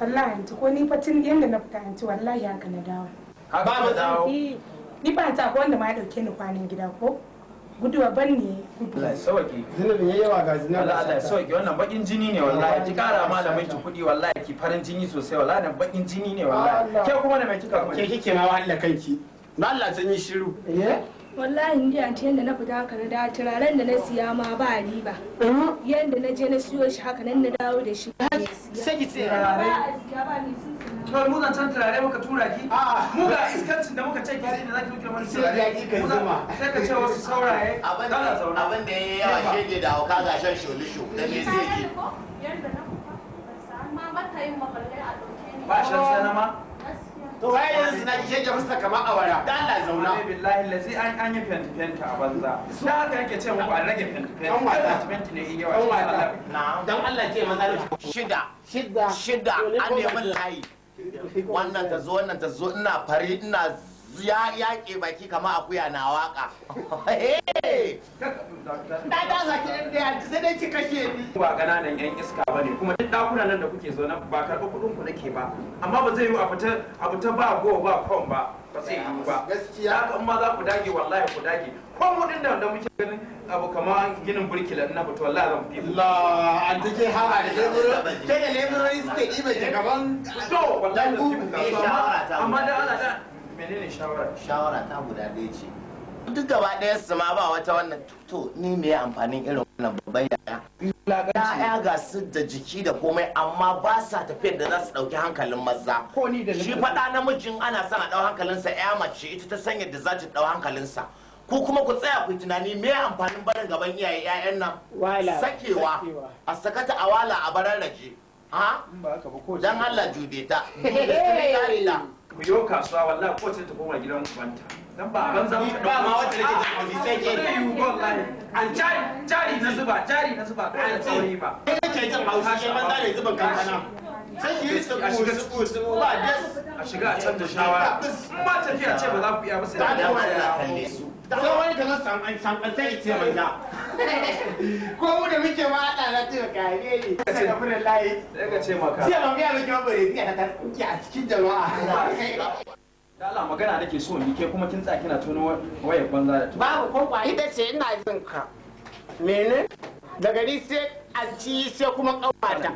wallahi yanzu ko ni fatin na fita yanzu wallahi haka na dawo a ba mu dawo ni ba ta ko wanda ma ya dauke ni kwanan gida ko guduwa ban ne Allah ya sauke zinubin yayi yawa ga zinubin Allah ya wannan bakin jini ne wallahi ki kara malamin ki kudi wallahi ki farin jini sosai wallahi nan bakin jini ne wallahi ke kuma da mai kika ke kike ma kanki na Allah can yi shiru eh wallahi ni anti yanda na fita haka na da turaren da na siya ma ba riba eh? yanda na je na siyo shi haka nan na dawo da shi sai ki tsirare to mu zan can turare muka tura ki mu ga iskancin da muka ce ki da zaki kira mana turare ki kai zuma sai ka ce wasu sauraye abin da yayi yawa shege da hauka ga shan sho da me sai ki yanda na fita ba sa ma mata yin mabalgai a dauke ni ba shan sanama to waye yanzu zina ke ja fuska kamar awara da Allah zauna billahi lazi an an yi fenta a banza su haka yake ce muku an rage an wata fenta ne in yawa dan Allah ke maza shida shida shida an nemi layi wannan ta zo wannan ta zo ina fari ina ya yaƙe baki kama akuya na waka na da zaki da ya sai dai ki kashe ni ba ƙananan yan iska ba ne kuma duk dakuna nan da kuke zo ba karɓi kuɗin ku nake ba amma ba zai yi a fita a fita ba go ba kon ba ba zai yi ba gaskiya haka in ma za ku dage wallahi ku dage ko mu din da muke ganin abu kama ginin burkila na fito wallahi zan fi Allah an take har a leburo ke da leburori suke ɗiba ke gaban to wallahi amma da Allah menene shawara shawara ta guda ɗaya ce duk gaba ɗaya su ma ba wata wannan to ni me amfanin irin wannan babban yaya Ya ga su da jiki da komai amma ba sa tafiyar da za su ɗauki hankalin maza shi faɗa namijin ana son a ɗau hankalinsa ya mace ita ta sanya da za ta ɗau hankalinsa ku kuma ku tsaya ku tunani me amfanin barin gaban iyaye 'ya'yan nan sakewa a sakata a wala a barar rake ha dan Allah jube ta mu yo kasuwa wallahi ko ta koma gidan ubanta dan ba ban za mu ba ma wata nake da kuɗi sai ke wallahi an jari jari na zuba jari na zuba ba an sauri ba kai kake jin hausa ke banza ne zuban kankana sai ki yi su ku su ku su ba des a shiga a can da shawara in ma tafiya ce ba za ku iya ba sai da wahala ta wani ta zan san san sai ce mai da ko mu da muke ma da na ce ne sai ka fara layi sai ka ce maka sai ban ga miki bare ni a ki a cikin jama'a Allah magana nake so ni ke kuma kin tsaki na tono wayar banza da babu ko kwa ita ce ina jin ka mene sai anci sai kuma kawata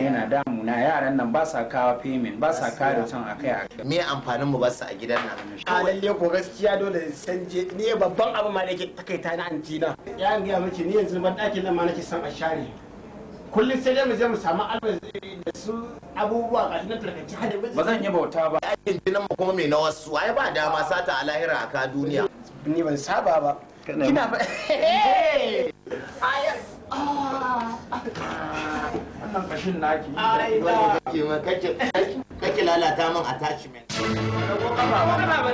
yana damuna yaran nan ba sa kawo payment ba sa kawo son akai akai me amfanin mu ba su a gidan nan a lalle ko gaskiya dole san je ne babban abu ma nake takaita na anti na ya ga miki ni yanzu ban dakin nan ma nake son a share kullum sai dai mu je mu samu alwazi da su abubuwa ga na ba zan yi bauta ba aikin jinin mu kuma mai na wasu ai ba dama sata a lahira a ka duniya ni ban saba ba kina ba wannan kashin naki ai da kake ma kake kake lalata min attachment ko ba ba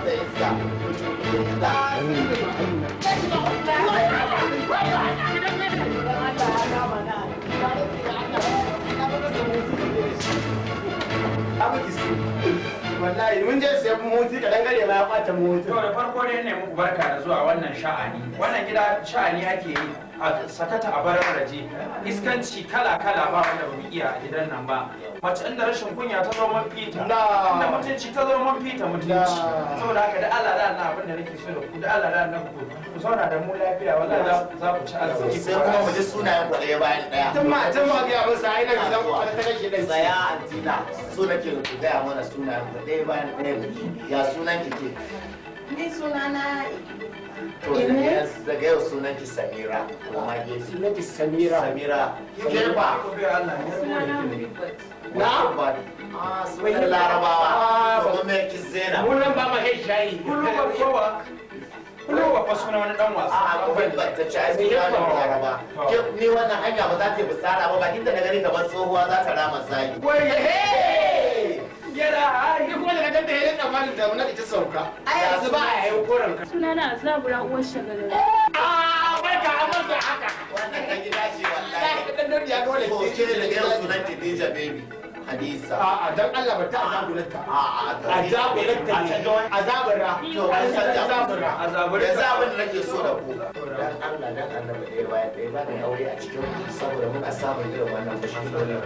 ba ba wallahi mun je sai mutu ka gare ma ya kwace mutu to da farko dai ne muku barka da zuwa wannan sha'ani wannan gida sha'ani ake yi sakata a raje iskanci kala kala ba wanda ba iya a gidan nan ba mace inda rashin kunya ta zo man fita inda mutunci ta zo man fita mutunci saboda haka da Allah da Allah abin da nake so da ku da Allah da Allah ku ku zauna da mu lafiya wallahi za ku ci arziki sai kuma mu ji sunayen ku ɗaya bayan ɗaya tun ma tun ma ga ba sai na zan ku ta kashe da tsaya antina so nake ku ga mana sunayen ku ɗaya bayan ɗaya ya sunan ke ni sunana to da ga yau sunan ki samira kuma oh, ke sunan ki samira samira ke ba na ba ah sunan larabawa kuma me ki zena mun ba ma kai shayi kullum ba kowa kullum ba fa suna wani dan wasa a kuma ba ta ci ai suna da laraba ke ni wannan hanya ba za ta yi bisara ba ba inda na gani ban tsohuwa za ta rama sai Ni kuma daga dan da yayin da malin da muna ta sauka. Ai yanzu ba a yayin koran ka. Suna na Azabura uwar shagalari. Ah, wai ka amma da haka. Wannan ta gida ce wallahi. Dan dan ya dole ke. Ko ke da yau sunan Khadija baby. hadisa a dan Allah ba ta azabulanka a azabulanka ne azabura to an san azabura azabura yanzu abin da nake so da ku dan Allah dan annabi da yawa da yawa da aure a cikin saboda muna samun irin wannan mushkilolin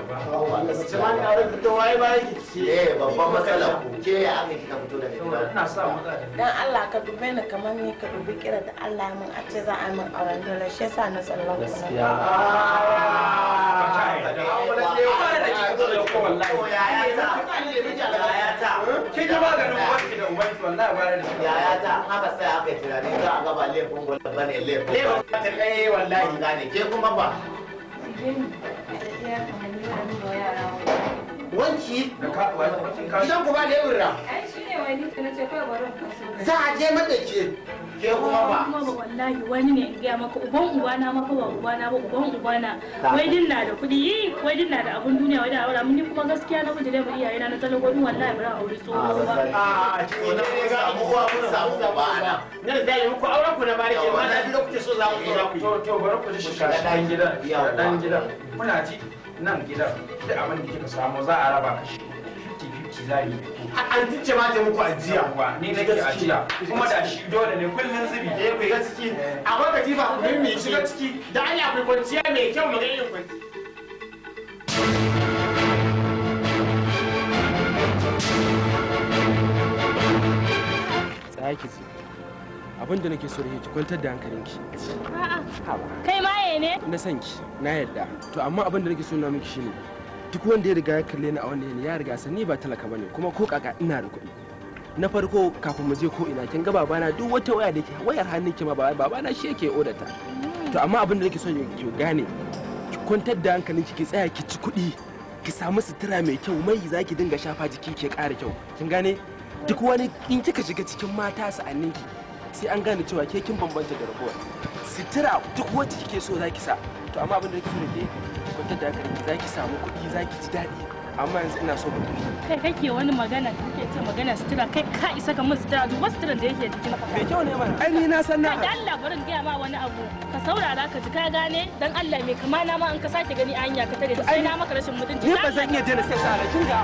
jama'a aure fito waye ba yake eh babban matsala ku ke ya aka kika fito daga gida ina sa da. dan Allah ka dube ni kamar ni ka dubi kira da Allah mun a ce za a min auren dole shi yasa na sallallahu alaihi ka wallahi yayata yayata ki ji maganin wanki da ubanki wallahi ba da yayata haka sai aka yi tunani za a gaba laifin gwalba bane ne laifin ta kai wallahi gane ke kuma ba wanki idan ku ba da yawon ra za a je mata ke ke kuma ba wallahi wani ne in gaya maka uban ubana maka ba ubana ba uban ubana wai din na da kuɗi wai din na da abun duniya wai da aura mun kuma gaskiya na miji da mu iyaye na talon gudun wallahi bara aure tsoho ba a ah, a cikin ne ga abubuwa kun samu da ba ana ne da yi muku auren ku na barike ma na duk kuke so za ku yi to to bari ku ji shi dan gidan dan gidan muna ji nan gidan da abin da kika samu za a raba kashi fifty za yi an tince ma ta muku ajiya ni na ke ajiya kuma da shi dole ne kullun zubi da eh, ya shiga ciki eh. a wakati ba ku min mai shiga ciki da an akwai kwanciya mai kyau mu ga irin kwanciya Thank you. abin da nake so da ki kwantar da hankalinki kai maye ne na san ki na yadda to amma abin da nake so na miki shine duk wanda ya riga ya kalle ni a wannan yanayi ya riga san ni ba talaka bane kuma ko kaka ina da kuɗi na farko kafin mu je ko ina kin ga babana duk wata waya da ke wayar hannun ki ma babana shi yake odata mm. to amma abin da nake so ki gane ki kwantar da hankalinki ki tsaya ki ci kuɗi ki samu sutura mai kyau mai zaki dinga shafa jiki ke ƙara kyau kin gane duk wani in kika shiga cikin mata sa'annin ki sai an gane cewa ke kin bambanta da rabuwa sitira duk wacce kike so zaki sa to amma abin da kike so ke kwantar da hankali zaki samu kuɗi zaki ji daɗi amma yanzu ina so kudi. kai kake wani magana kake ce magana sitira kai ka isa ka min duk duba suturan da yake fata me kyau ne mana ai ni na san na da Allah barin ga ma wani abu ka saurara ka ji ka gane dan Allah me kama na ma an ka sake gani anya ka tare sai na maka rashin mutunci ni ba zan iya daina sai sa kin ga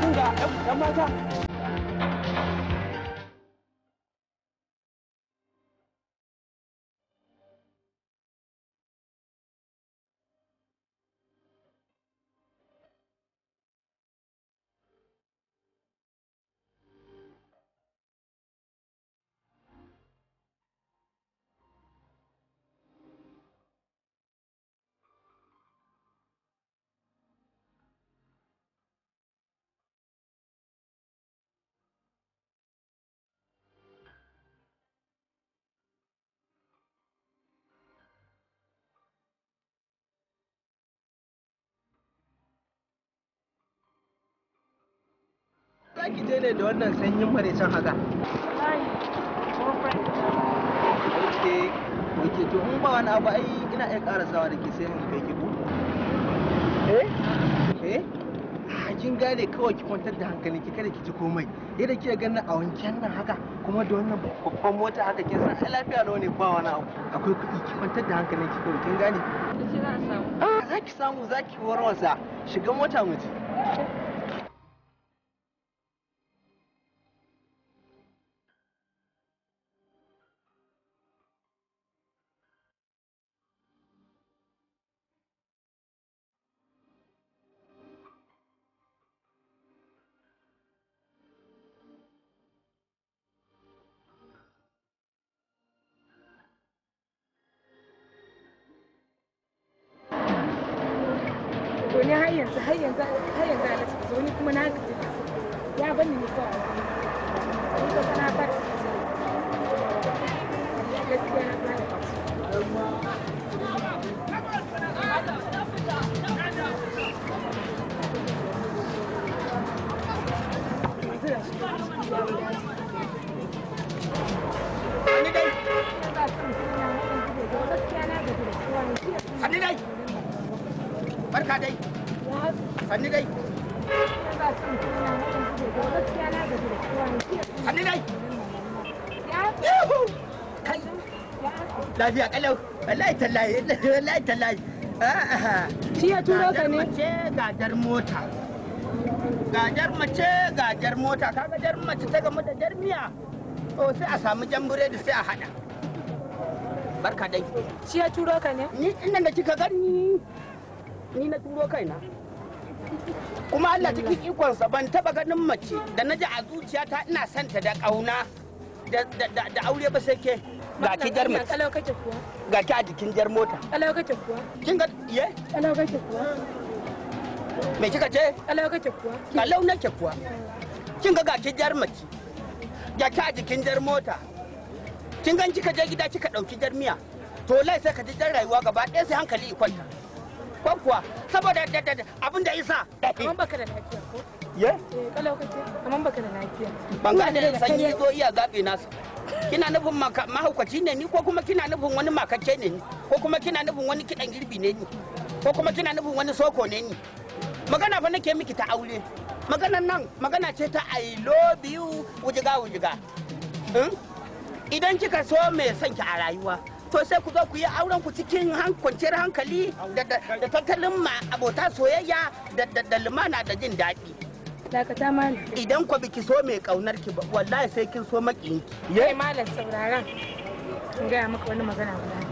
kin ga dan mata ki ne da wannan sanyin maraicen haka ke ke to in ba wani abu ai ina iya karasawa da ke sai mun kai ki ko eh eh kin gane kawai ki kwantar da hankali ki kada ki ji komai yadda kika ganin a wanken nan haka kuma da wannan babban mota haka kin san ai lafiya nawa ne ba wani abu akwai kuɗi ki kwantar da hankali ki kawai kin gane ah, za ki samu za ki warwasa shiga mota mu ji lafiya kalau wallahi tallahi wallahi tallahi shi ya turo ka ne gadar mota gajar mace gajar mota kaga jar mace ta gamu da jar miya to sai a samu jan buredi sai a hada barka dai shi ya turo ka ne ni inda da kika gani ni na turo kaina kuma Allah cikin ikonsa ban taba ganin mace da naji a zuciyata ina santa da kauna da aure ba sai ke ga ki jar mace kalau kake kuwa ga ki a jikin jar mota kalau kake kuwa kin ga ye kalau kake kuwa me kika ce kalau kake kuwa kalau nake kuwa kin ga ga ki jar mace ga ki a jikin jar mota kin gan kika je gida kika dauki jar miya to lai sai ka ji jar rayuwa gaba ɗaya sai hankali i kwanta ko kuwa saboda abin da isa kamar baka da lafiya ko Ye? Eh, kalau kake, kaman baka da lafiya. Ban gane da sanyi zo iya gabe nasu. Kina nufin mahaukaci ne ni ko kuma kina nufin wani makacce ne ni ko kuma kina nufin wani kiɗan girbi ne ni ko kuma kina nufin wani soko ne ni. Magana fa nake miki ta aure. Magana nan magana ce ta I love you wujiga wujiga. Hmm? Idan kika so mai son ki a rayuwa, to sai ku zo ku yi auren ku cikin kwanciyar hankali da tattalin abota soyayya da lumana da jin daɗi. Dakata mana. Idan ku biki so mai kaunar ki ba wallahi sai kin so makin Yai malam sauraron. Kin ga maka wani magana guda.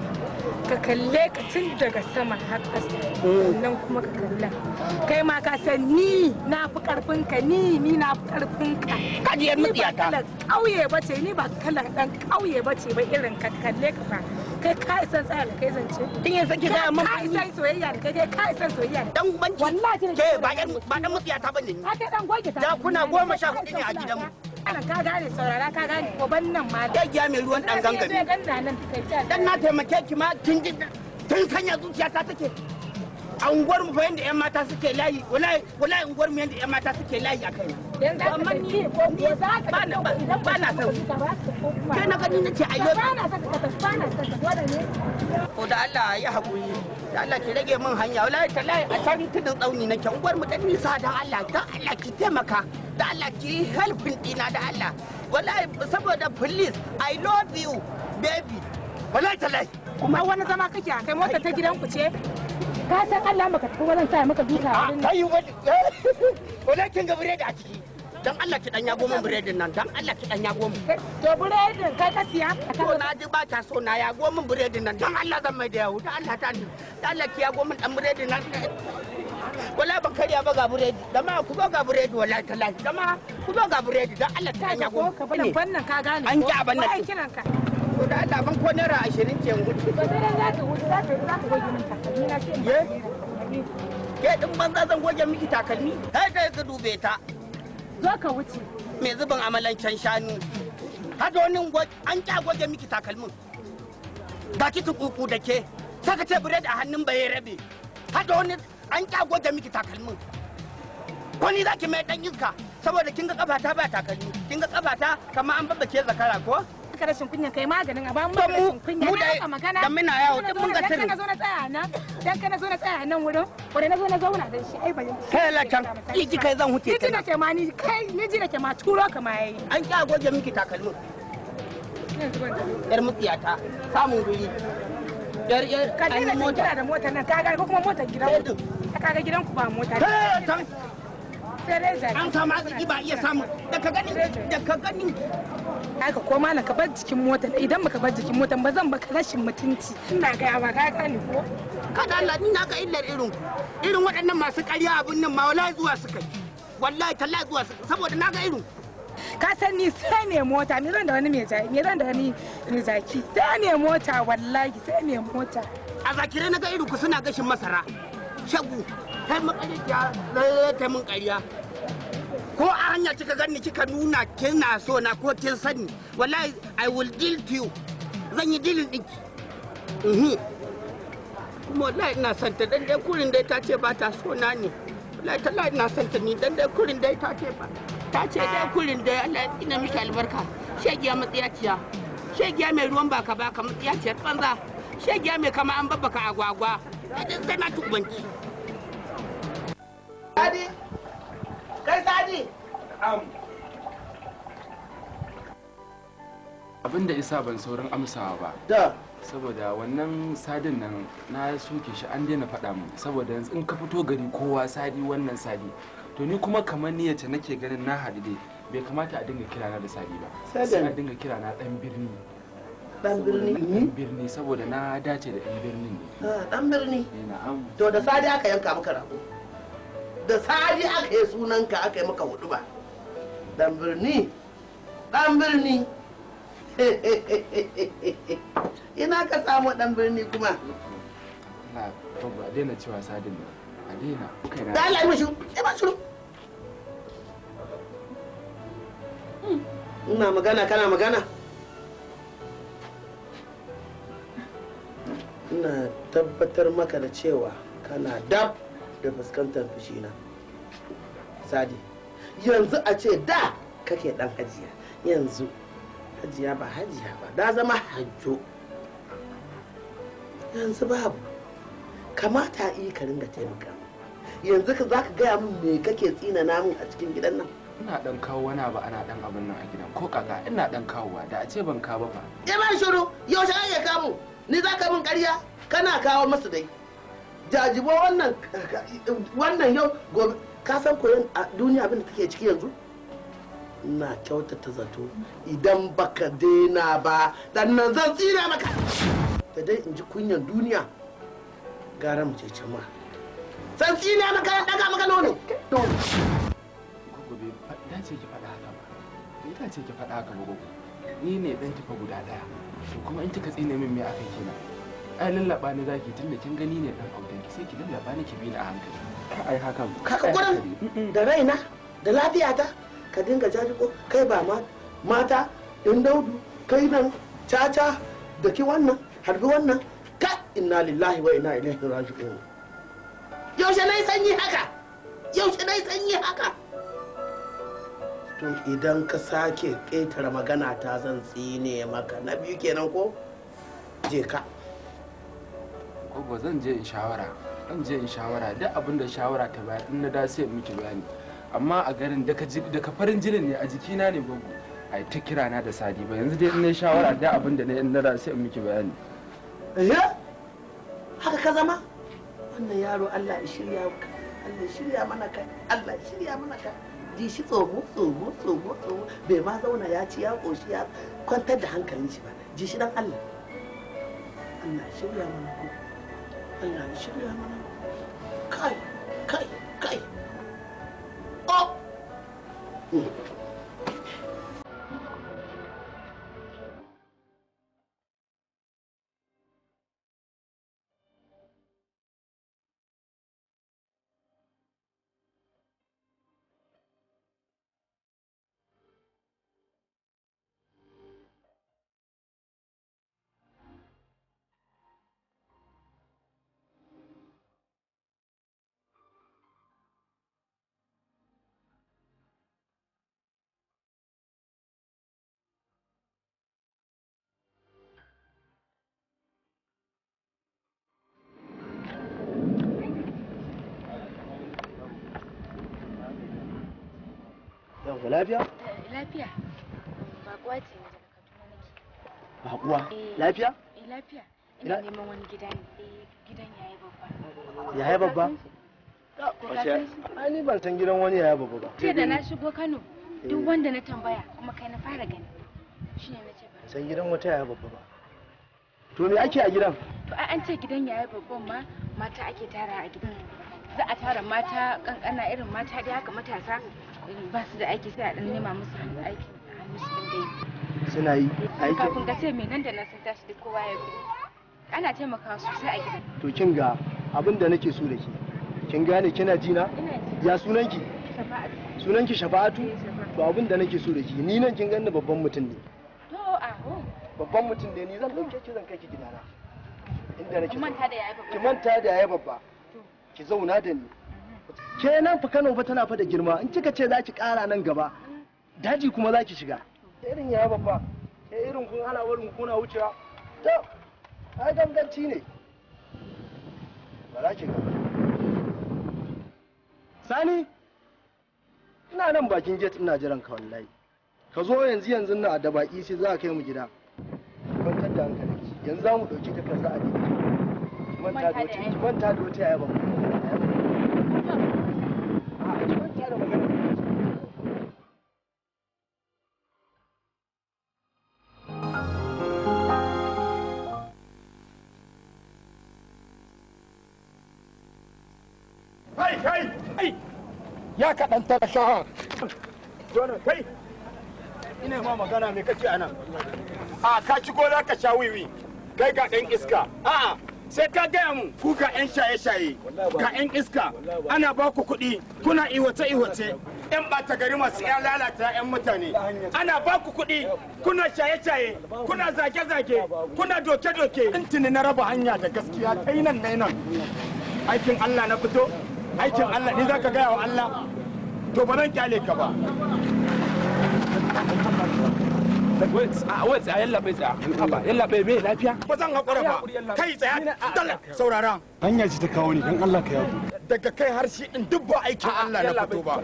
ka kalle ka tun daga sama har ƙasa sannan kuma ka kalla kai ma ka san ni na fi karfin ka ni ni na fi karfin ka kadiyar mutiyata ni ba kauye ba ce ni ba kalan dan kauye ba ce ba irin ka kalle ka fa kai ka isan tsaya da kai zance kin yi sanki ga amma ka isan soyayya da kai ka isan soyayya dan banki wallahi ke ba dan mutiyata bane ni ka dan goge ta da kuna goma sha hudu ne a gidanmu kanan ka gane saurara ka gane nan ma da mai ruwan dan gangami dan na taimake ki ma kin ji tun sanya ta take a unguwar mu fa yanda yan mata suke layi wallahi wallahi unguwar mu yanda yan mata suke layi akai dan amma ni ko ko za ka ba ba na san kai na gani nace ayyo ba na san ka ba na san ko da Allah ya hakuri da Allah ki rage min hanya wallahi tallahi a can tunan tsauni na kyan gwar mu dan nisa dan Allah dan Allah ki taimaka da Allah ki helpin dina da Allah wallahi saboda police I love you baby wallahi tallahi kuma wani zama kake kai mota ta gidanku ce ka san Allah maka tafi wannan sai maka duka a ah, kai wani wani kin gabure da a ciki dan Allah ki dan goma min biredin nan dan Allah ki dan goma. to biredin kai ka siya Ko na ji ba ta so na ya goma biredin nan dan Allah zan mai da yawo dan Allah ta ni dan Allah ki ya goma dan biredin nan wala ban kariya ba ga buredi ma ku zo ga buredi wallahi tallahi ma ku zo ga biredi dan Allah ta yago ka bada fannan ka gane an ki abanna nan ko da Allah ban ko naira 20 ce gudu ba sai za ka wuce za ka za ka goge min takalmi na ce ke din banza zan goge miki takalmi kai kai ka dube ta zo ka wuce me zubin amalancen shanu hada wani an goge miki takalmin ga ki tukuku da ke saka ce bired a hannun bai rabe wani an goge miki takalmin ko ni zaki mai dan iska saboda kin ga kafa ta ba takalmi kin ga kafa ta kamar an babbake zakara ko Ka rashin kunya kai maganin a rashin kunya na magana dan muna yawo mun ga sirri kana zo na tsaya nan dan kana zo na tsaya nan wurin na zo na zauna dan shi ai bayin kai iji kai zan huce kai iji ma ni kai ma turo ka ma yayi an ki goge miki takalmin yar mutsiyata samun guri yar yar kai ne kira da motar nan kaga ko kuma motar gidan kaga gidan ku ba mota an samu arziki ba iya samu da ka gani da ka gani haka ko malam ka bar jikin mota idan baka bar jikin mota ba zan baka rashin mutunci ina ga ba ka gane ko kada Allah ina ga illar irin irin waɗannan masu ƙarya abun nan ma wallahi zuwa suka wallahi tallahi zuwa suka saboda na ga irin ka san ni sai ne mota ni ran da wani mai jaki ni ran da wani mai zaki sai ne mota wallahi sai ne mota a zakire na ga irin ku suna gashin masara shagu kai makariya ta mun ƙarya ko a hanya kika ganni kika nuna kina so na ko kin sani wallahi i will deal to you zan yi dilin dinki mhm. kuma wallahi ina son ta dan dai kurin dai ta ce ba ta so na ne wallahi ta ina son ta ni dan dai kurin dai ta ce ba ta ce dai kurin dai Allah ina miki albarka shegiya matsiyaciya shegiya mai ruwan baka baka matsiyaciyar banza shegiya mai kama an babbaka agwagwa dan duk na tubanki Kai Sadi. Am. da isa ban saurin amsawa ba. Da. Saboda wannan sadin nan na soke shi an daina faɗa min saboda yanzu in ka fito gari kowa sadi wannan sadi. To ni kuma kamar yace nake ganin na hadu dai bai kamata a dinga kirana da sadi ba. Sai a dinga kirana birni. dan birni dan birni saboda na dace da dan ah, birni ne dan birni to da sadi aka yanka maka rago da sari aka yi sunanka aka yi maka hudu ba dan birni dan birni ina ka samu dan birni kuma na ba daina cewa sadin nan a daina kai na da Allah mashi sai ba shiru ina magana kana magana ina tabbatar maka da cewa kana dab da fuskantar fushina sadi yanzu a ce da kake dan hajiya yanzu hajiya ba hajiya ba na zama hajjo yanzu babu kamata yi ka ringa taimaka yanzu ka za ka gaya min me kake tsina namun a cikin gidan nan ina dan kawo wani abu ana dan abin nan a gidan ko kaka ina dan kawowa da a ce ban kawo ba fa ya ban shiru yaushe ai ya kamu ni za ka min ƙarya kana kawo masu dai jajibo wannan wannan yau gobe ka san koyon a duniya abin da take ciki yanzu na kyautata zato idan baka daina ba dan nan zan tsira maka da dai in ji kunyan duniya gara mu ce ma san tsina maka ya daga maka nono gobe da ce ki faɗa haka ba ni ta ce ki faɗa haka gobe ni ne dan kifa guda daya kuma in kika tsine min me aka kenan ai lallaba ni zaki tunda kin gani ne dan auren ki sai ki lallaba ni ki bi ni a hankali ka ai hakan ka gurin da raina da lafiyata ka dinga jajibo kai ba ma mata in daudu kai nan caca da ki wannan harbi wannan ka inna lillahi wa inna ilaihi raji'un yaushe na sanyi haka yaushe na yi sanyi haka to idan ka sake ƙetare magana ta zan tsine maka na biyu kenan ko je ka uba zan je in shawara zan je in shawara duk abin da shawara ta bayar in na da sai miki bayani amma a garin daga farin jinin ne a jikina ne gogo ai ta kira na da sadi ba yanzu dai in na shawara da abin da na in na da sai miki bayani eh haka ka zama wannan yaro Allah ya shirya ka Allah ya shirya mana kai Allah ya shirya mana kai ji shi tsoho tsoho tsoho tsoho bai ma zauna ya ci ya koshi ya kwantar da hankalin shi ba ji shi dan Allah Allah ya shirya mana kai Allah ya shirya kai kai kai oh maka lafiya? Eh, lafiya. Bakuwa ce daga Kaduna nake. Bakuwa? Eh, lafiya? Eh, lafiya. Ina neman wani gida ne. Gidan yayi babba. Yayi babba? ni ban san gidan wani yayi babba ba. ce da na shigo Kano duk wanda na tambaya kuma kai na fara gani. Shine nace ba. San gidan wata yayi babba ba. To me ake a gidan? To an ce gidan yayi babban ma mata ake tara a gidan. Za a tara mata kankana irin mata da haka matasa ba su da aiki sai a dan nema musu aiki a musu dai suna yi aiki kafin ka ce me nan da nan sun tashi duk kowa ya gudu ana taimakawa sosai a gida. to kin ga abin da nake so da ke kin gane kina ji na ya sunan ki eh, shafa'atu to abin da nake so da ke ni nan kin gani babban mutum ne to aho babban mutum ne ni zan dauke ki zan kai ki gidana inda nake ki manta da yayi babba ki manta da yayi babba ki zauna da ni ke nan fa Kano fa tana fa da girma in kika ce za ki ƙara nan gaba daji kuma za ki shiga irin ya babba ke irin kun hala warin kuna wucewa to ai ganganci ne ba za ki sani ina nan bakin gate ina jiran ka wallahi ka zo yanzu yanzu na da baki sai za ka kai mu gida kwantar da hankali yanzu za mu dauki ta kasa a gida manta da wata ya babba ya kaɗan tara kai, ina ma magana mai kace a nan. A ka ci gona ka sha wiwi, kai ga ɗan iska. A'a, sai ka gaya mu ku ka 'yan shaye-shaye ka 'yan iska ana ba ku kuɗi kuna iwace-iwace 'yan ɓata gari masu 'yan lalata 'yan mutane ana ba ku kuɗi kuna shaye-shaye kuna zage-zage kuna doke-doke tuni na raba hanya da gaskiya ta yi nan na nan aikin allah na fito aikin allah ni za ka gaya wa allah to ba nan kyale ka ba wai ah, tsaya ah, yalla bai tsaya bai lafiya ba zan hakura ba kai tsaya ah, dalla saurara hanya ce ta kawo ni dan Allah ka yawo daga kai har shi in duk ba aikin Allah na fito ba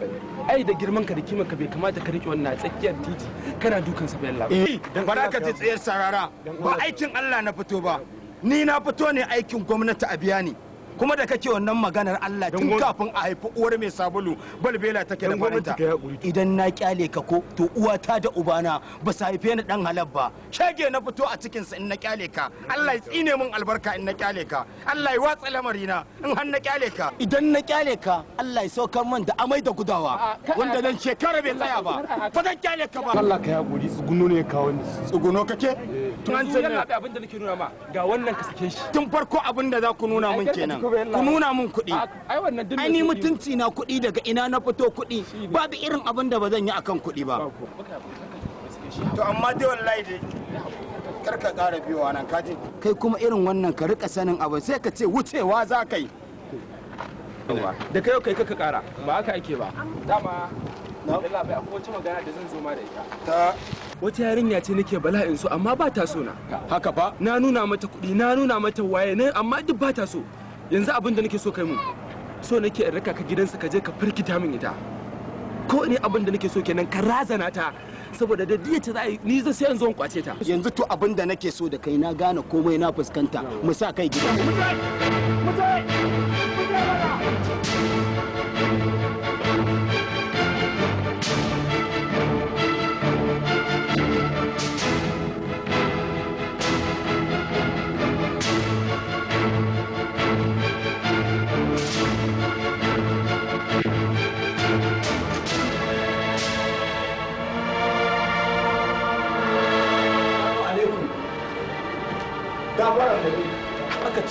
ai da girman ka da kiman ka bai kamata ka rike wannan tsakiyar titi kana dukan sa bai eh, Allah ba za ka ji tsayar sarara ba aikin Allah na fito ba ni na fito ne aikin gwamnati a biya ne. kuma da kake wannan maganar Allah tun kafin a haifi uwar mai sabulu balbela take da faranta idan na kyale ka ko to uwata da ubana ba su haife ni dan halal ba shege na fito a cikin sa in na kyale ka Allah ya tsine min albarka in na kyale ka Allah ya watsa lamarina in har na kyale ka idan na kyale ka Allah ya saukar min da amai da gudawa wanda nan shekara bai tsaya ba fa dan kyale ka ba Allah ka ya guri tsuguno ne kawo ni tsuguno kake eh. tun an san abin da nake nuna ma ga wannan ka sake shi tun farko abin da za ku nuna min kenan ku nuna mun kuɗi ai ni mutunci na kuɗi daga ina na fito kuɗi babu irin abin da ba zan yi akan kuɗi ba to amma dai wallahi dai karka ƙara biyowa nan kaji kai kuma irin wannan ka rika sanin abu sai ka ce wucewa za ka yi da kai kai kaka ƙara ba haka ake ba dama Allah bai akwai wacce magana da zan zo ma da ita wata yarinya ce nake bala'in so amma ba ta so na haka ba na nuna mata kuɗi na nuna mata waye ne amma duk ba ta so yanzu abin da nake so kai mun so nake in raka ka gidansa ka je ka firkita min ita ko ne abin da nake so kenan ka razana ta saboda da diya ta zai ni zai sai in kwace ta yanzu to abin da nake so da kai na gane komai na fuskanta mu sa kai gida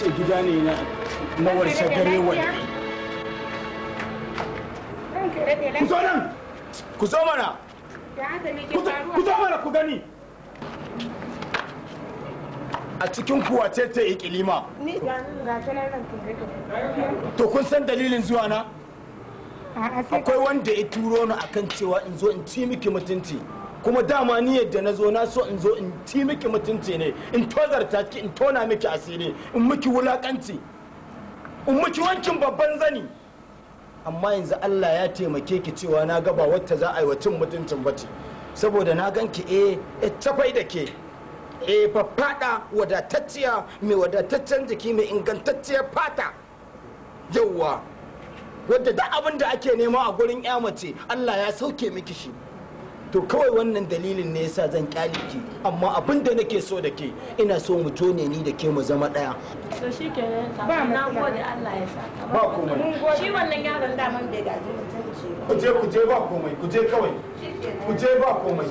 ce gida ne na mawar gare wani ku zo nan ku zo mana ku zo mana ku gani a cikin kuwa ce ta ikilima to kun san dalilin zuwa na akwai wanda ya turo ni akan cewa in zo in ci miki mutunci kuma dama ni yadda na zo na so in zo in ti miki mutunci ne in tozarta ki in tona miki asiri in miki wulakanci in miki wankin babban zani amma yanzu Allah ya taimake ki cewa na gaba wata za a yi wacin mutuncin bace saboda na ganki eh e, eh, tafai da ke eh faffada wadatacciya mai wadataccen jiki mai ingantacciyar fata yawwa wadda duk abin da ake nema a gurin ya mace Allah ya sauke miki shi to kawai wannan dalilin ne yasa zan kyale ki amma abin da nake so da ke ina so mu jone ni da ke mu zama daya to shikenan ba na gode Allah ya saka ba komai shi wannan yaron da man bai gaji mutunci ku je ku je ba komai ku je kawai ku je ba komai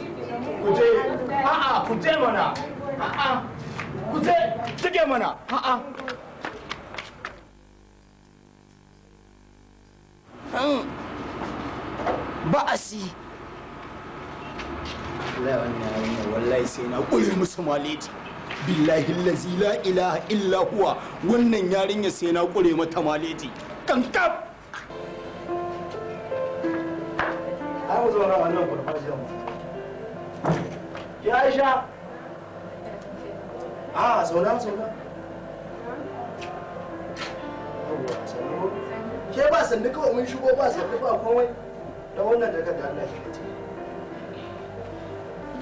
ku je a ku je mana a ku je tike mana ba asi wallahi sai na ƙure musu maleti billahi lazi la ilaha illa huwa wannan yarinya sai na ƙure mata maleti kankam ya aisha a ah, zauna zauna ke ba sandu kawai mun shigo ba sandu ba komai da wannan daga da Allah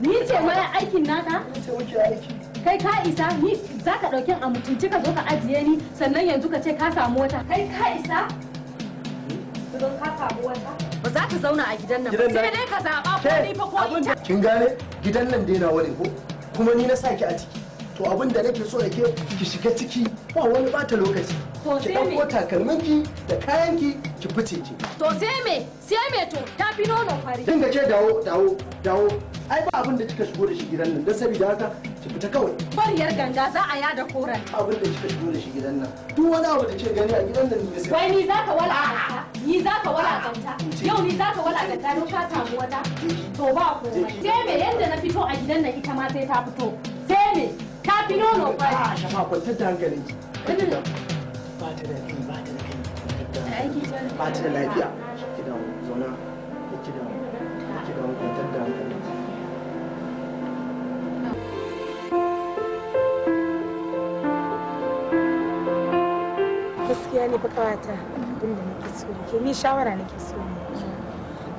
Ni ce ma aikin naka? Ni ce aiki. Kai ka isa ni za ka ɗauki a mutunci ka zo ka ajiye ni sannan yanzu ka ce ka samu wata. Kai ka isa? Don ka samu wata? Ba za ka zauna a gidan nan ba. Sai dai ka zaɓa ko ni fa ko ita. Kin gane gidan nan dai na wani ko? Kuma ni na sa ki a ciki. to abin da nake so yake ke ki shiga ciki ba wani bata lokaci ki ɗauko takalminki da kayanki ki fice ki to sai me sai me to ta fi nono fari dinga ke dawo dawo dawo ai ba abin da kika shigo da shi gidan nan don sabida haka ki fita kawai bariyar ganga za a yada koren abin da kika shigo da shi gidan nan duk wani abu da kike gani a gidan nan ne sai wai ni za ka wala ni za ka wala ganta yau ni za ka wala ganta don ka samu wata to ba komai sai me yanda na fito a gidan nan ita ma sai ta fito sai me ta fi nono ba a shafa kwantar da hankali ba ta da ta da ta da lafiya ki da zauna ki da ki da kwantar da hankali gaskiya ne kawata da nake so ke ni shawara nake so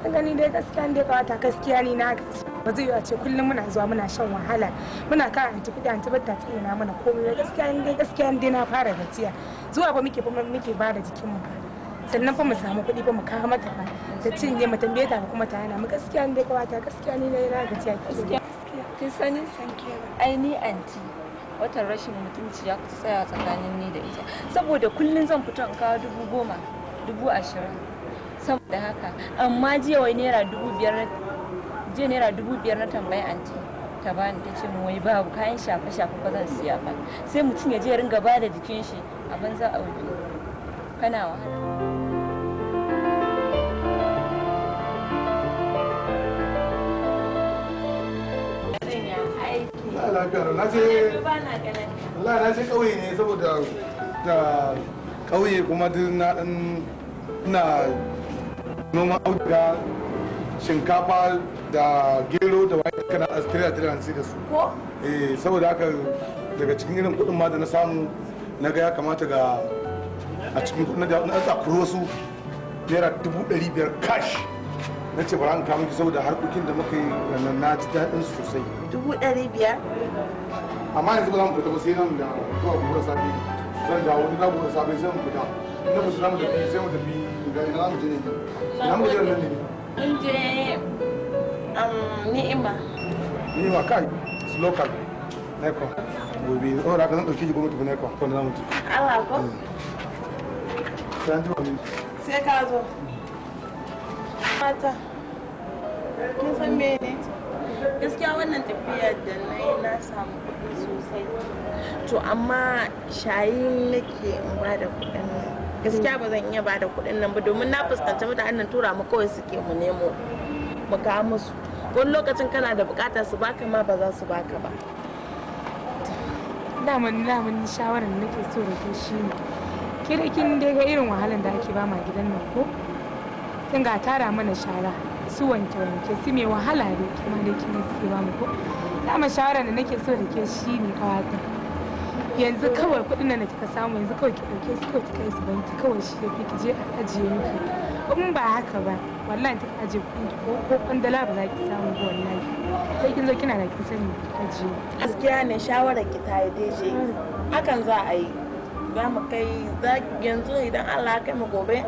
ne gani dai gaskiya ne kawata gaskiya ne na gaci ba zai yi a ce kullum muna zuwa muna shan wahala muna kan anti kuɗi anti bata tsina mana komai ba gaskiya dai gaskiya dai na fara gajiya zuwa ba muke muke ba da jikinmu sannan fa mu samu kuɗi ba mu kawo mata ba ta cinye mu tambaye ta kuma ta yana mu gaskiya dai kawata gaskiya ni na gajiya gaskiya kin sanin sanke ai ni anti watan rashin mutunci ya kusa tsaya tsakanin ni da ita saboda kullum zan fito in kawo dubu goma dubu ashirin saboda haka amma jiya wai naira dubu biyar je naira dubu biyar na tambayi anti ta bani ta ce wai babu kayan shafe shafe ba zan siya ba sai mutum ya je ringa ba da jikin shi a banza a waje kana wahala Allah na ce ƙauye ne saboda da kauye kuma duk na ɗan na noma auduga shinkafa da gero da wani kana a tira tira hansi da su eh saboda haka daga cikin irin kudin ma da na samu na ga ya kamata ga a cikin kudin da na tsaku wasu naira dubu ɗari biyar cash na ce bari an kama saboda harkokin da muka yi ranar na ji daɗin sosai dubu ɗari biyar amma yanzu ba za mu fita ba sai nan da kuma sa safe zan dawo da sa safe sai mu fita na fita za mu tafi sai mu tafi ga ina za mu je ne ina mu je nan ne Um, ni'ima. Ni'ima kai, it's local. Neko. Gobe, oh, da ka zan dauke ki gwamnati ba neko, ko na mutu. Allah mm. ko? Sai an ji wani. Sai ka zo. Mata. Kin san me ne? Gaskiya wannan tafiya da na yi na samu kuɗi sosai. To amma shayin nake in ba da kuɗin nan. Gaskiya ba zan iya ba da kuɗin nan ba domin na fuskanci mutanen tura mu kawai suke mu nemo. ka musu wani lokacin kana da bukata su baka ma ba za su baka ba daman daman shawarar da nake so da ke shi ne ke da dai ga irin wahalar da ake ba ma gidan nan ko sun ga tara mana shara su wanke wanke su mai wahala da ma da kin suke ba mu ko dama shawarar da nake so da ke shi ne kawata yanzu kawai kudin nan da kika samu yanzu kawai ki ɗauke su kawai ki kai su banki kawai shi ya fi ki je a ajiye miki in ba haka ba wallahi ta aje ko kwandala ba za ki samu ba wallahi sai kin zo kina da kin sani aje gaskiya ne shawara ki ta yi dace mm. hakan za a yi za mu kai yanzu idan Allah kai mu gobe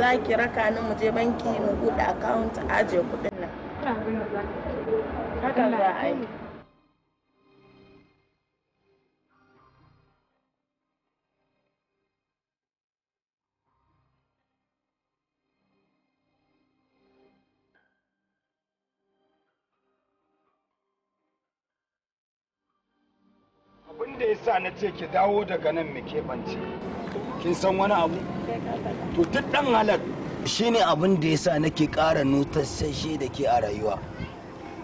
za ki raka ni mu je banki mu buɗe account aje kuɗin nan hakan za a yi na ce ki dawo daga nan mu kin san wani abu to duk ɗan halar shine abin da yasa nake ƙara nutassashe da ke a rayuwa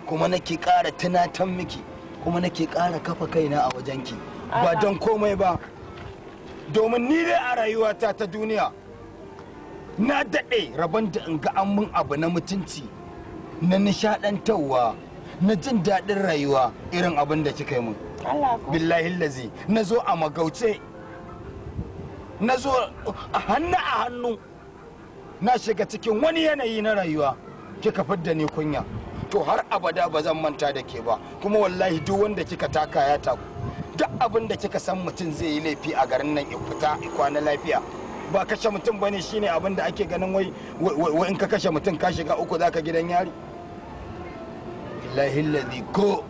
kuma nake ƙara tunatan miki kuma nake ƙara kafa kaina a wajen ki. ba don komai ba domin ni dai a rayuwata ta duniya na daɗe rabon da in ga an mun abu na mutunci na nishaɗantarwa na jin daɗin rayuwa irin abin da kika yi mun billahi lazi na zo a magauce na zo a hannu a hannu na shiga cikin wani yanayi na rayuwa kika fidda ni kunya to har abada ba zan manta da ke ba kuma wallahi duk wanda kika taka ya taku duk abin da kika san mutum zai yi laifi a garin nan ya fita kwana lafiya ba kashe mutum bane shine abin da ake ganin wai in ka kashe mutum ka shiga uku zaka gidan yari billahi ko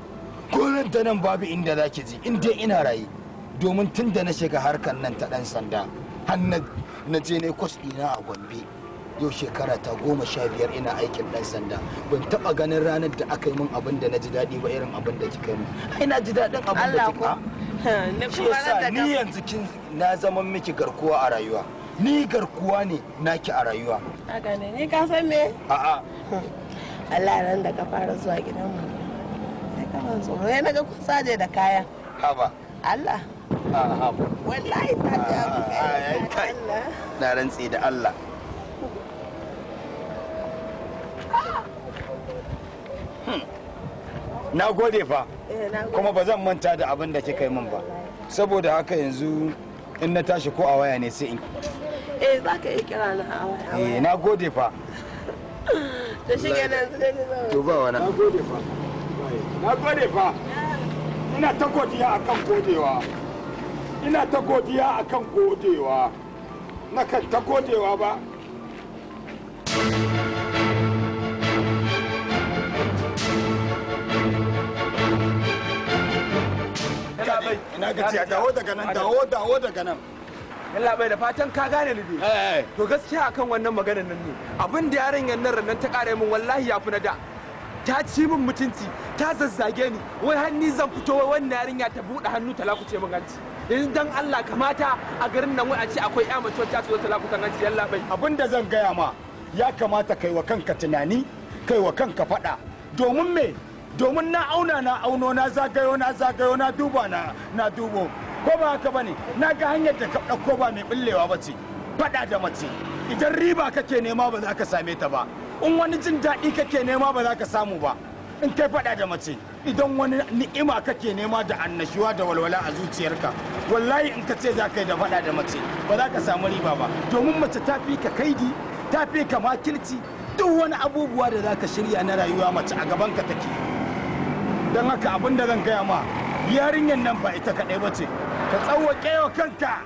gonar da nan babu inda za ki ji in ina rayu, domin tun da na shiga harkar nan ta ɗan sanda har na je ne kwas ɗina a gombe yau shekara ta goma sha biyar ina aikin ɗan sanda ban taɓa ganin ranar da aka yi min abin da na ji daɗi ba irin abin da kika yi ai na ji daɗin abin da kika shi yasa ni yanzu kin na zama miki garkuwa a rayuwa ni garkuwa ne naki a rayuwa a gane ni ka san me a'a Allah ran da ka fara zuwa gidanmu tsoro ya naga kun saje da kaya haba Allah ah, wallahi ah, ah, na rantsi da Allah hmm. na gode fa eh, kuma ba zan manta da abin da kika yi min ba saboda haka yanzu in na tashi ko a waya ne sai in eh za ka yi kira na a waya eh na gode fa shi to ba wani na gode fa na gode fa ina ta godiya a kan godewa ina ta godiya a kan godewa na kan ta godewa ba ina gajiya dawo daga nan dawo dawo daga nan yalla bai da fatan ka gane ni dai eh. to gaskiya akan wannan maganar nan ne abin da yaron yan nan ta kare min wallahi ya fi na da ta ci min mutunci ta zazzage ni wai hannu zan fito wai wannan yarinya ta buɗe hannu ta lakuce min hanci dan Allah kamata a garin nan wai a ce akwai ƴa mace ta zo ta lakuta hanci yalla bai abinda zan gaya ma ya kamata kai wa kanka tunani kai wa kanka faɗa domin me domin na auna na auno na zagayo na zagayo na duba na na dubo ko ba haka bane na ga hanyar da ka ɗauko ba mai billewa ba ce faɗa da mace idan riba kake nema ba za ka same ta ba in wani jin daɗi kake nema ba za ka samu ba in kai faɗa da mace idan wani ni'ima kake nema da annashuwa da walwala a zuciyarka wallahi in ka ce za ka yi da faɗa da mace ba za ka samu riba ba domin mace ta fi ka kaidi ta fi ka makirci duk wani abubuwa da za ka shirya na rayuwa mace a gabanka ka take don haka abin da zan gaya ma yarinyar nan ba ita kaɗai ba ce ka tsawwake wa kanka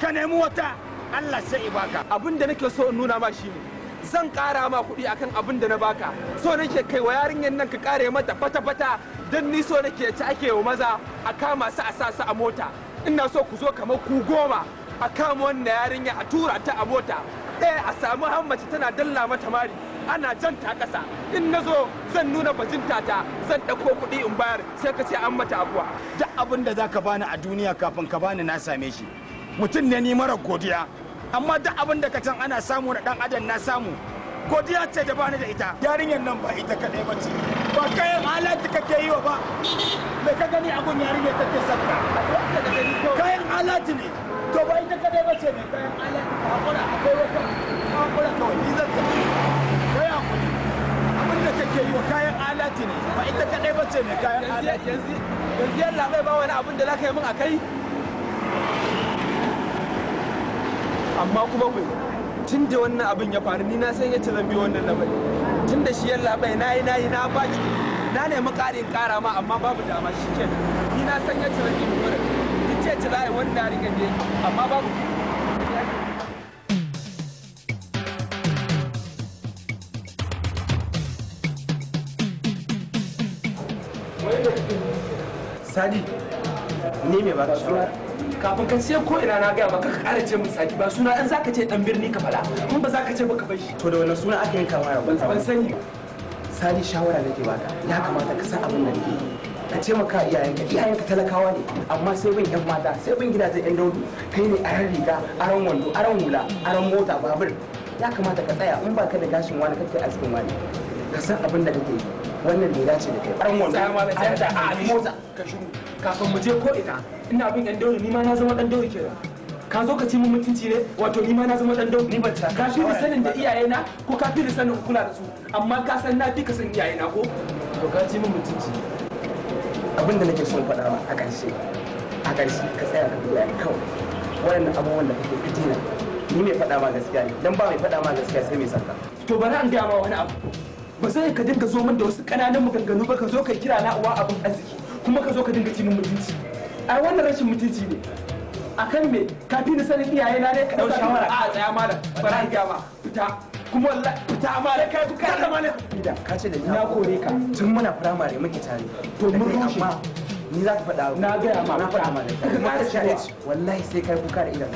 ka nemi wata allah sai ibaka abin da nake so in nuna ma ne. zan kara ma kuɗi akan abin da na baka so nake kai wa yarinyar nan ka kare mata fata-fata don ni so nake ci ake wa maza a kama su a sa su a mota ina so ku zo kamar ku goma a kama wannan yarinya a tura ta a mota ɗaya eh, a samu hammaci tana dalla mata mari ana jan ta ƙasa in na zo zan nuna bajinta ta zan ɗauko kuɗi in bayar sai ka ce an mata abuwa duk abin da za ka bani a duniya kafin ka bani na same shi mutum ne ni mara godiya amma duk abin da can ana samu na dan adam na samu godiya ce da bani da ita yarinyar nan ba ita kadai ba ce ba kayan alatu kake yi wa ba me ka gani abun yarinyar take sakka kayan alatu ne to ba ita kadai ba ce me kayan alatu ka hakura akwai wata hakura kawai ni zan tafi kai hakuri abin da kake yi wa kayan alati ne ba ita kadai ba ce me kayan alati yanzu yanzu yalla bai ba wani abin da za ka yi min kai. amma kuma bai tun da wannan abin ya faru ni na san yadda zan bi wannan lamari tun da shi yalla bai na yi na yi na baki na nemi karin kara ma amma babu dama shi ke ni na san yadda zan bi wannan ni ce ci za wanda rike ne amma babu Sadi, ne mai ka shawara? kafin kan sai ko ina na gaya maka ka ƙara ce min saki ba suna in zaka ce dan birni ka fada in ba zaka ce ba ka bashi to da wannan suna aka yanka mara ban sani sani shawara nake baka ya kamata ka san abin da nake ka ce taimaka iyayenka iyayenka talakawa ne amma sai bin yan mata sai bin gidajen yan daudu kai ne aran riga aran wando aran hula aran mota babur ya kamata ka tsaya in ba ka da gashin wani kake cikin wani ka san abin da kake yi wannan bai ce da kai ba. Ɗan wanda sai da a motsa ka shiru kafin mu je ko ina ina bin ɗan dauri ni ma na zama ɗan dauri kenan. ka zo ka ci mun mutunci ne wato ni ma na zama dan dau ni ban ka fi da sanin da iyaye na ko ka fi da sanin kula da su amma ka san na fi ka san iyaye na ko to ka ci mun mutunci abin da nake son faɗa ma a ƙarshe a ƙarshe ka tsaya ka ni kawai wannan abubuwan da kake fitina ni mai faɗa ma gaskiya ne dan ba mai faɗa ma gaskiya sai mai sarka to bari an gaya ma wani abu ba zai ka dinga zo min da wasu kananan maganganu ba ka zo ka kira na uwa abin arziki kuma ka zo ka dinga cinin mutunci a wannan rashin mutunci ne akan me ka fi ni sanin iyaye na ne ka dau shawara a tsaya malam bara ga ma fita kuma wallahi fita malam kai ku da malam da ka ce da ni na kore ka tun muna firamare muke tare to mun rushe ni za ka faɗa na ga ma na faɗa ma da kuma da shi wallahi sai kai kuka da idan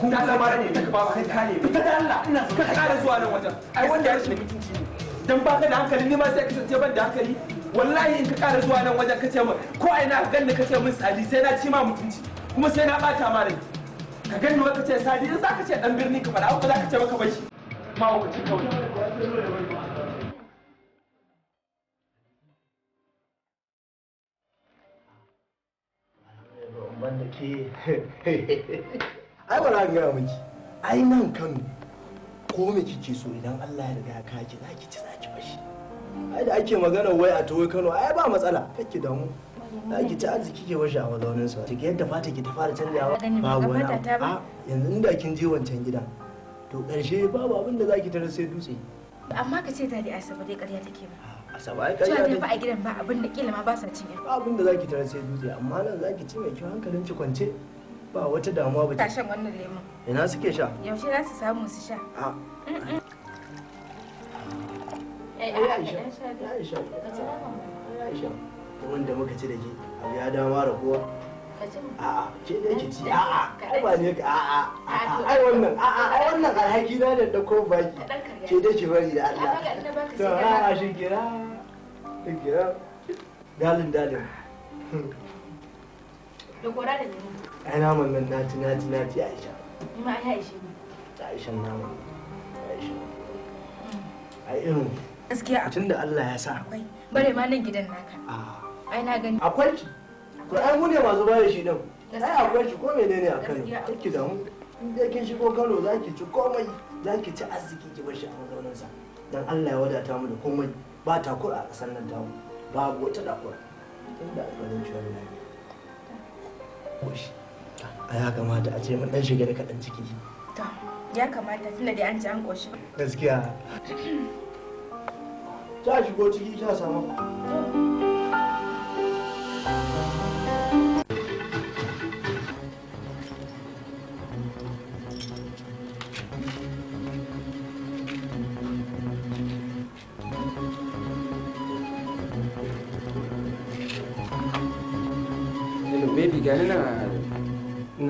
ku da zama ne ka ba sai ka ne ka da Allah ina ka kare zuwa nan wajen ai wannan rashin mutunci ne dan baka da hankali ni ma sai sance ban da hankali wallahi in ka kara zuwa nan wajen kace min ko a ina ka ganni kace min sadi sai na ci ma mutunci kuma sai na bata ma rai ka ganni wata ce sadi in za ka ce dan birni ka faɗa ko za ka ce maka bashi ma hukunci kawai da ke ai wala ga miki ai nan Kano ko me kike so idan Allah ya riga ka ji za ki ci za ki fashi ai da ake magana wai a towe Kano ai ba matsala kake damu za ki ci arziki ke washe a mazaunin sa kike yadda fata ki ta fara canjawa ba wani a yanzu inda kin je wancan gidan to karshe babu abin da za ki tarar sai dutse amma ka ce da asaba dai ƙarya take ba asaba ai ƙarya ne ba a gidan ba abin da kila ma ba sa cin ba abin da za ki tarar sai dutse amma nan za ki ci mai kyau hankalin ki kwance ba wata damuwa ba ta shan wannan lemon ina suke sha yaushe za su samu su sha wanda ah. eh, eh, eh, muka ci da ke abu ya dama da kowa a'a ke ne ki ci a'a ai ba ne ka a'a ai wannan a'a ai wannan alhaki na da da ko baki ke da ki bari da Allah to a'a shi gira gira dalin dalin da gora da lemu ai naman nan na ci na aisha ni ma aisha ne aisha naman aisha mm. ai irin gaskiya tunda Allah ya sa akwai bare ma nan gidan naka ah. ai na gani akwai ki to ai mu ne masu bayar shi nan? ai akwai shi ko menene a Kano kike da mu in dai kin shigo Kano zaki ci komai zaki ci arziki ki bar shi a mazaunin sa dan Allah ya wadata mu da komai ba takura a kasar nan tamu babu wata takura inda aka zan ciwon lafiya. Goshi. ya kamata a ce mun dan shiga da kaɗan ciki to ya kamata tunda dai an ci an ƙoshi gaskiya ta shigo ciki ta samu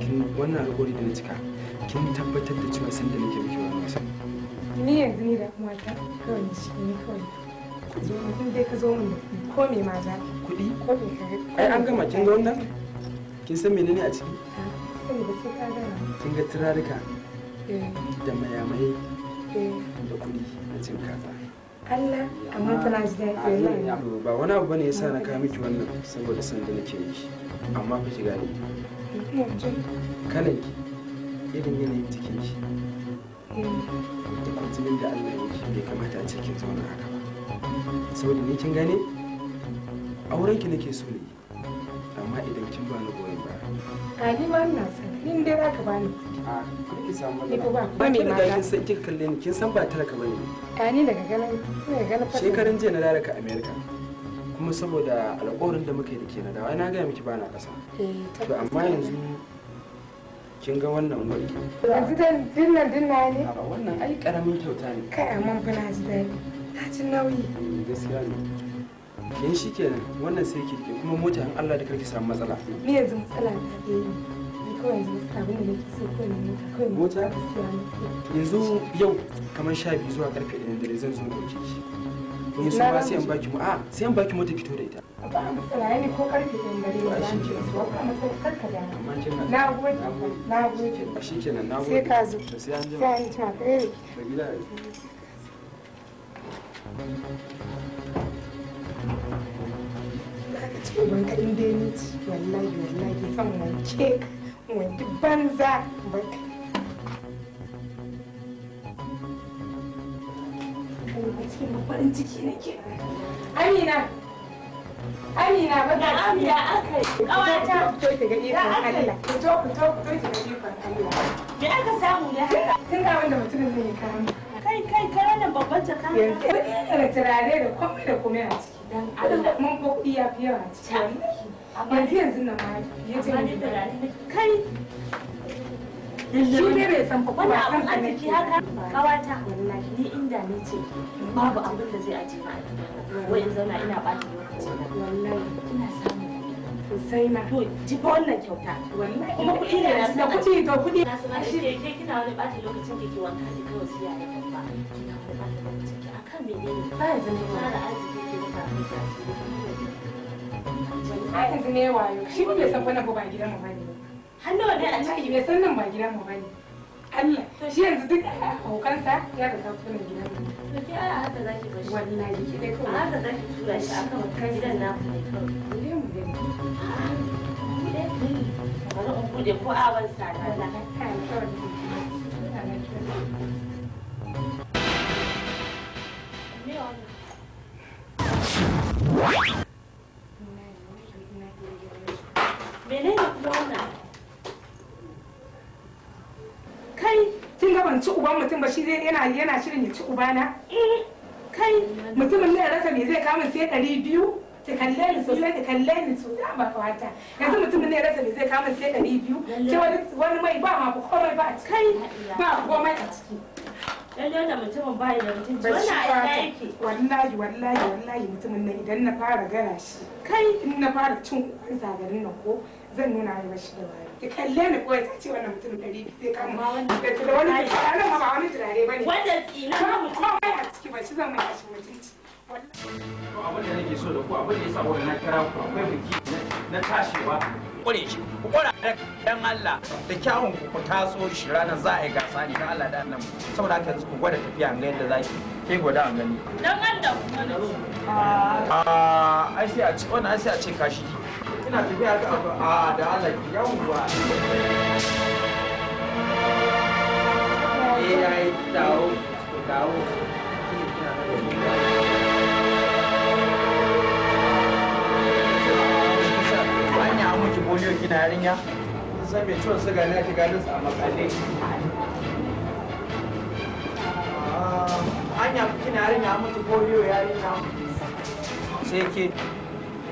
kin wannan alƙawari da na cika kin tabbatar da cewa sanda nake miki wani wasa ni yanzu ni da mata kawai shi ne kawai zo mutum dai ka zo mun ko me ma za kuɗi ko me ka ai an gama kin ga wannan kin san menene a ciki ah, kin ga turarika eh. da mayamai eh. da kuɗi na cin kaza Allah amma tana ji daɗi ba wani abu bane yasa na kawo miki wannan saboda sanda nake yi amma ku shiga ne ki irin yanayin cikin shi da kwantumin da allah ya shi bai kamata a cikin zaune haka ba saboda ne kin gane auren ki nake so ne amma idan kin bani goyon ba kani ba ina son in dai zaka bani a kuma ki ba ba me ma kin san kin kalle ni kin san ba talaka bane kani daga ganin daga ganin shekaran jiya na dara ka america kuma saboda alƙawarin da muka yi da ke na dawa na gaya miki bana ƙasa to amma yanzu kin ga wannan warki yanzu dan dinnan dinna ne a wannan ai karamin kyauta ne kai amma fa na ji dai ta ci nauyi eh, gaskiya ne kin shi kenan wannan sai kike kuma mota in Allah da karki samu matsala ni yanzu matsala ta ke yi kawai yanzu mota kawai yanzu yau kamar sha biyu zuwa karfe ɗaya da zan zo ɗauke shi ni su ba sai baki mu a sai in baki mota ah, fito da ita ba a matsala ne ko karfe ɗin gare ba shi su ba a matsala karka da na gode na gode shi na gode sai ka zo sai an ji sai an ji ma yi babila cikin banka in dai ni wallahi wallahi zan wanke wanke banza banka a cikin farin ciki nake amina amina ba da amina aka yi kawata fito ki ga ikon Allah fito fito fito ki ga ikon Allah me aka samu ne haka tun ga wanda mutumin zai kawo kai kai kai wannan babban jaka yanzu da turare da komai da komai a ciki dan Allah mun ko kuɗi ya fi yawa a ciki yanzu yanzu nan ma ya ce kai shi ne bai san kuɗi ba haka kawata wallahi ni inda ni ce babu abin da zai aje ma wai in zauna ina bata lokaci wallahi samu na to ji fa wannan kyauta wallahi kuma ne da to na ke kina wani bata lokacin wanka kawai siya ba kina wani bata lokacin ki akan menene ba yanzu ne da arziki ke da yanzu ne wayo shi bai san wani ba gidan mu ba ne Hannu ne a ciki bai san nan ba gidan mu ne Allah to shi yanzu duk haukansa ya riga kuna gidan mu to ke a haka za ki bashi wallahi ki dai kawai haka za ki tura shi akan kan gidan na ku ne kawai ne mu dai bari in bude ko a ban sa ta na kan kawai Wow. uban mutum ba shi zai yana yana shirin ya ci ubana eh, kai mutumin ya rasa me zai kama sai ɗari biyu ta kalle ni sosai ta kalle ni sosai ba fata yanzu mutumin ne rasa me zai kama sai ɗari biyu sai wani wani mai ba ma komai ba a ciki kai ba komai a ciki lalle da mutumin ba da mutunci wannan ba yake wallahi wallahi wallahi mutumin nan idan na fara gara shi kai in na fara cin kwanza garin nan ko zan nuna ya bashi da baya ki kalle ni kawai ta ce wannan mutum ɗari biyu zai kama da da wani turare nan ba wani turare ba ne wannan tsina na mutum ba a ciki ba shi zan mai kashi mutunci to abin da nake so da ku abin da yasa wani na kira ku akwai biki na tashewa kure shi ku kura dan Allah da kyawun ku ku taso shi ranar za a yi gasa ne dan Allah da annan saboda haka yanzu ku gwada tafiya ga yadda za ki ke gwada an gani dan Allah kuma na a ai sai a ce wannan ai sai a ce kashi ina tafiya ka a da Allah ki yawwa eh ai dawo dawo an miki boliyo kina yarinya? Sai mai ciwon suga ne ake gadon sa a makalle. Anya kina yarinya an miki boliyo yarinya? Sai ke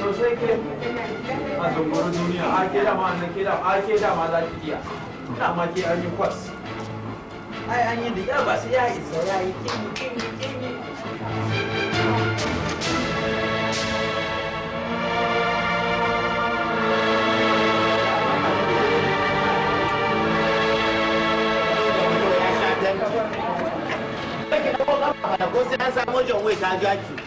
to sai ke a dogoro duniya a ke da ma ke da a ke da ma za ki iya ina ma ke an yi kwas ai an yi da ya ba sai ya isa ya yi kinyi kinyi kinyi Ko sai an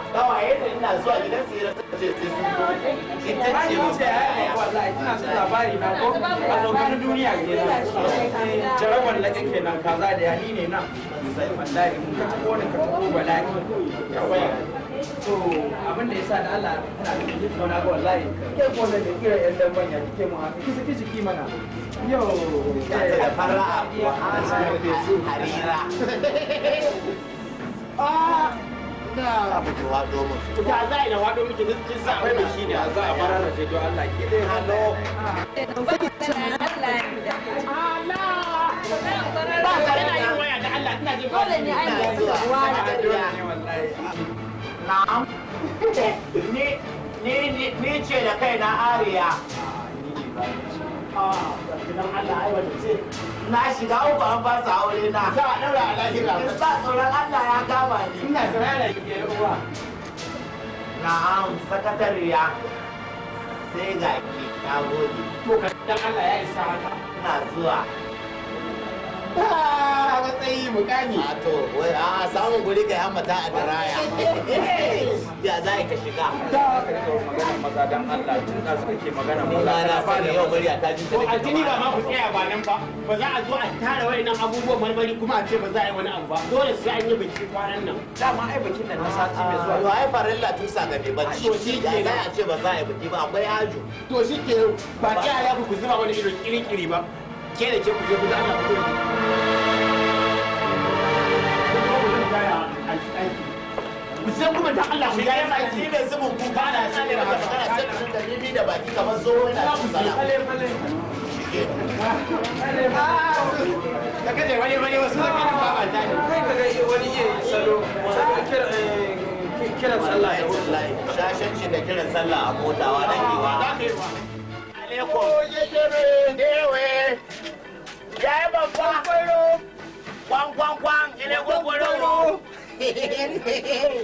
ina zuwa gidan su hira suka ce sai sun zo ita ce wuce wallahi ina son labari na ko a lokacin duniya ga yana eh, jarabar na kake nan kaza da yani ne nan sai wallahi mun ka tuko da ka tuko bala'i to abin da yasa da Allah ina da jiki na ga wallahi ke ko da kira yan dan manya kike mu haka kisa kike ki mana yo da fara wa ana eh, da harira ah da muke wado mu da za a yi da shi ne za a fara da Allah dai ba na yin waya da Allah dole ne da na'am ce da kaina ariya ah, na shiga uku an ba su aure na za a a lahira tsoron Allah ya kama ni ina tsirara ke uwa na'am sakatariya sai ga ki ta gode to ka Allah ya isa haka ina zuwa Ah, matsayi mukami ah, ah, a to a samun guri kai ta a daraya ya za ka shiga da ka magana maza don Allah tun da suka ke magana maza na ba da yau bari a taji ta a tuni ba ma ku tsaya ba nan ba ba za a zo a tara wayannan abubuwan marmari kuma a ce ba za a yi wani abu ba dole sai an yi biki kwanan nan dama ai bikin nan na sati mai zuwa to ai farilla tun sa ga bai bacci to shi ke za a ce ba za a yi biki ba akwai haju to shi ke ba ki ala ku zuba wani irin kirikiri ba ke da ke kuje kuka da ku kuma da kamar sala da wani da ba ba a motawa dan kewa yayi yi babba kwan ile gwagwaro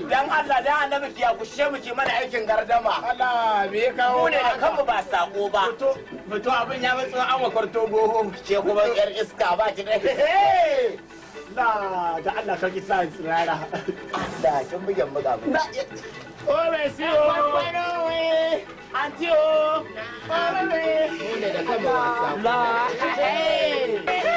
dan Allah dan annabi ya akushe mu ki mana aikin gardama Allah me ya kawo ne da kanmu ba sako ba fito fito abin ya matsa an wakwarto goho kuma yar iska ba ki dai da da Allah ka kisa tsirara da kin bugen buga mu da ya. ore si o bueno we antio ore me ole da kamo la hey eh, eh.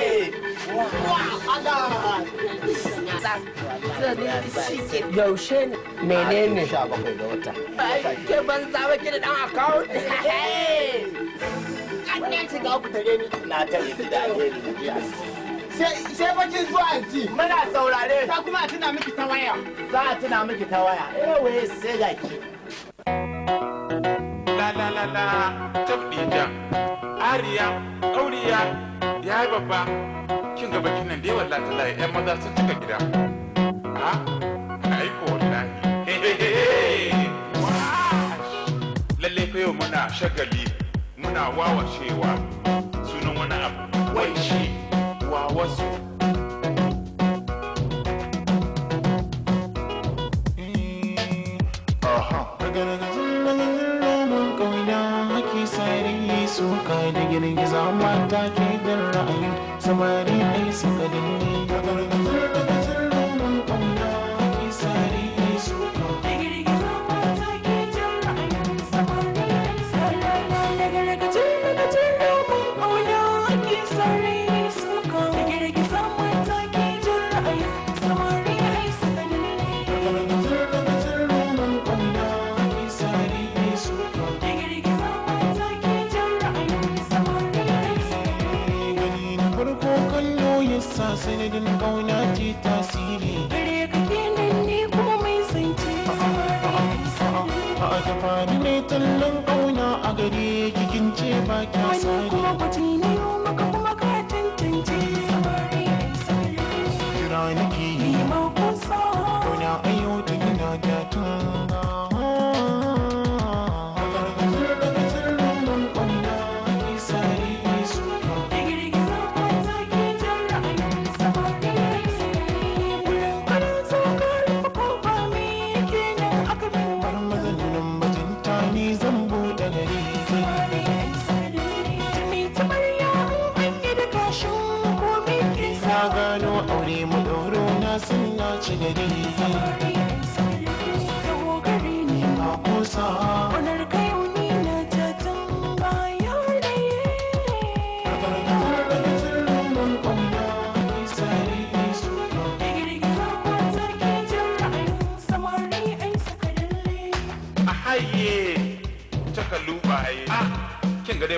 yaushe ne menene sha bakwai da wata ke ban zaba da dan account na ne sai zuwa ji muna saurare ta kuma tuna miki ta waya za a tuna miki ta waya eh sai ga ki malala tabdija ariya auriya ya yi babba kin gaba kinan dai wallahi talaye yan maza sun cika gida ha aiko wallahi lalle fa yau muna shagali muna wawashewa sunan wani abu wai shi wa wasu gonna go. girgiza mata ke jin ra'ayi samari sanadin kauna ce tasiri gare kake nan ne kuma mai zance a ta faru tallan kauna a gare kikin ce ba kya sare kuma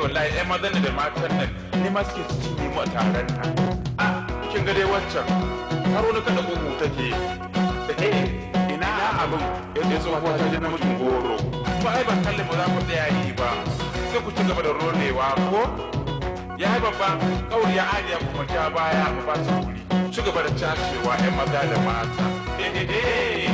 wallahi ɗan mazan da matan nan ne ma suke su cinye mu a taron a ah, kin ga dai waccan har wani kada uku take eh, ina abin yadda eh, ya so kuwa ta ji namijin goro to ai ba kalli ba za ku tsaya yi ba sai ku ci gaba da ronewa ko ya yi babba kawai ya ajiya kuma ta baya mu ba su wuri ci gaba da cashewa 'yan maza da mata. Eh,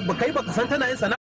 kai baka san tana yin sana'a